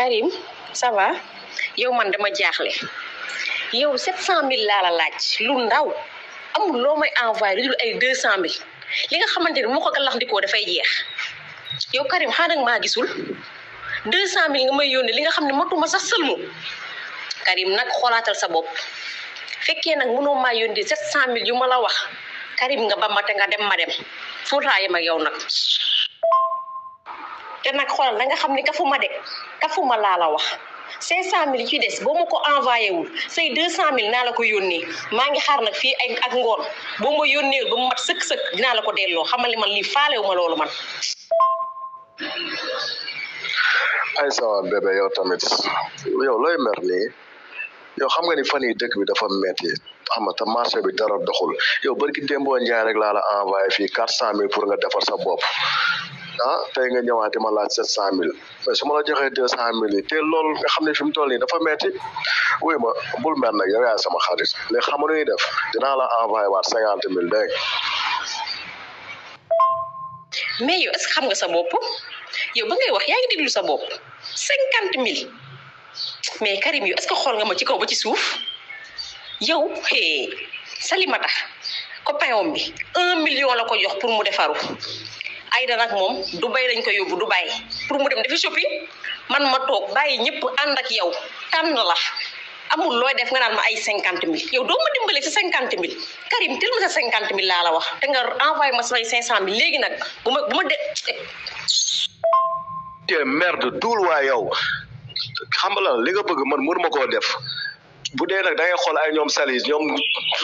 Karim ça yow man dama jaaxle yow 700000 laa la laaj lu ndaw amul loo may envoyé lu dul ay 200000 li nga xamante ni moo ko gàllankoor dafay jeex yow Karim xanaa nag maa gisul 200000 nga may yónnee li nga xam ne matuma sax sëlmu Karim nag xoolaatal sa bopp fekkee nag mënoo maa yónnee 700000 yu ma la wax Karim nga ba mate nga dem ma dem foo taa yem yow nag. te nag xoolal da nga xam ni kafuma de kafuma laa la wax cinq cent mille ci des boo ma ko envoyé wul say deux cent mille naa la ko yónnee maa ngi xaar nag fii ay ak ngoon boo ma yónnee ba mu mat sëkk-sëkk dinaa la ko delloo xamal ni man lii faalewu ma loolu man ay sawa bébé yow tamit yow looy mer nii yow xam nga ni fan yi dëkk bi dafa metti xam nga te marché bi dara doxul yow barki démboo njaay rek laa la envoyé fii quatre cent mille pour nga defar sa bopp ah tey nga ñëwaat ma laaj sept cent mille mais su ma la joxee deux cent mille yi te loolu nga xam ne fi mu toll nii dafa metti wuy ma bul mer nag yow yaay sama xarit léegi xam nga def dinaa la envoyé waat cinquante mille dégg mais yow est ce que xam nga sa bopp yow ba ngay wax yaa ngi déglu sa bopp cinquante mille mais Karim yow est ce que xool nga ma ci kaw ba ci suuf yow hee Salimata copain bi un million la ko jox pour mu defaru Aïda nag moom du bay lañ ko yóbbu Dubai pour mu dem defi shopping man ma toog bàyyi ñëpp ànd ak yow tànn la amul looy def nga naan ma ay cinquante mille yow doo ma dimbale ci cinquante mille Karim tel ma sa cinquante mille laa la wax te nga envoyé ma samay cinq cent mille léegi nag bu ma ma de te merde duul waa yow xam la li nga bëgg man mënuma koo def bu dee nag da ngay xool ay ñoom salis ñoom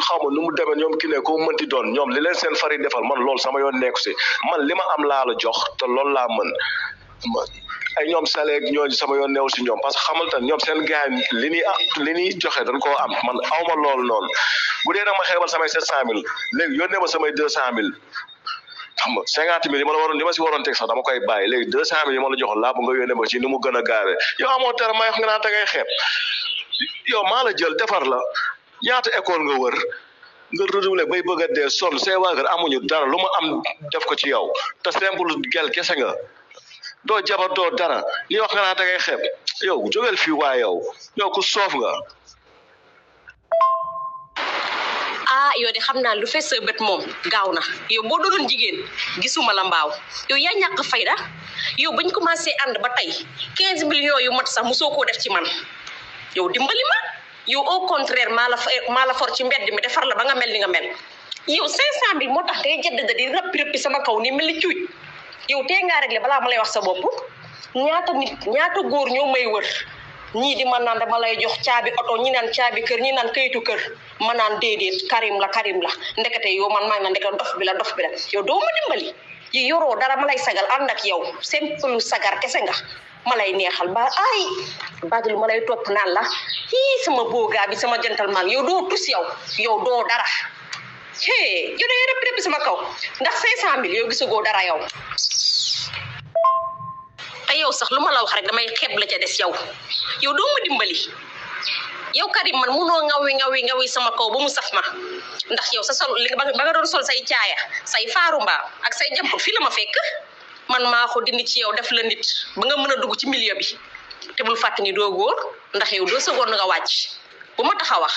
xawma nu mu demee ñoom ki ne ko mënti doon ñoom li leen seen fari defal man loolu sama yoon nekku si man li ma am laa la jox te loolu laa mën ay ñoom saleeg ñooñu sama yoon neew si ñoom parce que xamal tan ñoom seen gaay li ñuy li ñuy joxe dañ koo am man awma loolu noonu bu dee nag ma xeebal samay sept cent mille léegi yónnee ma samay deux cent mille xam nga cinquante mille yi ma la waroon li ma si waroon teg sax dama koy bàyyi léegi deux cent mille yi ma la joxoon laa bu nga yónnee ma ci ni mu gën a gaawee yow amoo tere may wax nga naan da ngay xeeb yow maa la jël defar la ñaata école nga wër nga redoublé bay bëgg a dee sonn say waa kër amuñu dara lu ma am def ko ci yow te simple gel kese nga doo jabar doo dara li wax nga naa da ngay xeeb yow jógeel fii waa yow yow ku soof nga ah yow de xam naa lu fees sa bët moom gaaw na yow boo doonoon jigéen gisuma la mbaaw yow yaa ñàkk fayda yow bañ commencé ànd ba tey quinze millions yu mat sax mu soo koo def ci man yow dimbali ma yow au contraire mala eh, mala for ci mbedd mi defar la ba nga mel ni nga mel yow 500 bi motax day jedd da di rap rap sama kaw ni mel ni yow te nga réglé bala ma lay wax sa bop ñaata nit ñaata goor ñoo may wër ñi di man nan dama lay jox ciabi auto ñi nan ciabi kër ñi nan kayitu kër man nan dedet karim la karim la ndekete yow man ma nga ndekal dof bi la dof bi la yow do ma dimbali yoro dara malay sagal andak yow simple sagar kese nga malay neexal ba ay badul ma lay topp naan la hi sama boogaa bi sama gentleman yow do tous yow yow do dara hee yow day rëpp sama kaw ndax 500000 mille yow go dara yow ay yow sax luma la wax rek damay xeb la ca dess yow yow do ma dimbali yow karim man muno ngawi ngawi ngawi sama kaw bu mu saf ma ndax yow sa sol ba nga doon sol say tiaya say faru mba ak say jamp fi la ma man maa ko dindi ci yow def la nit ba nga mën a dugg ci milieu bi te bul fàtte ni doo góor ndax yow doo sa góor nga wàcc bu ma tax wax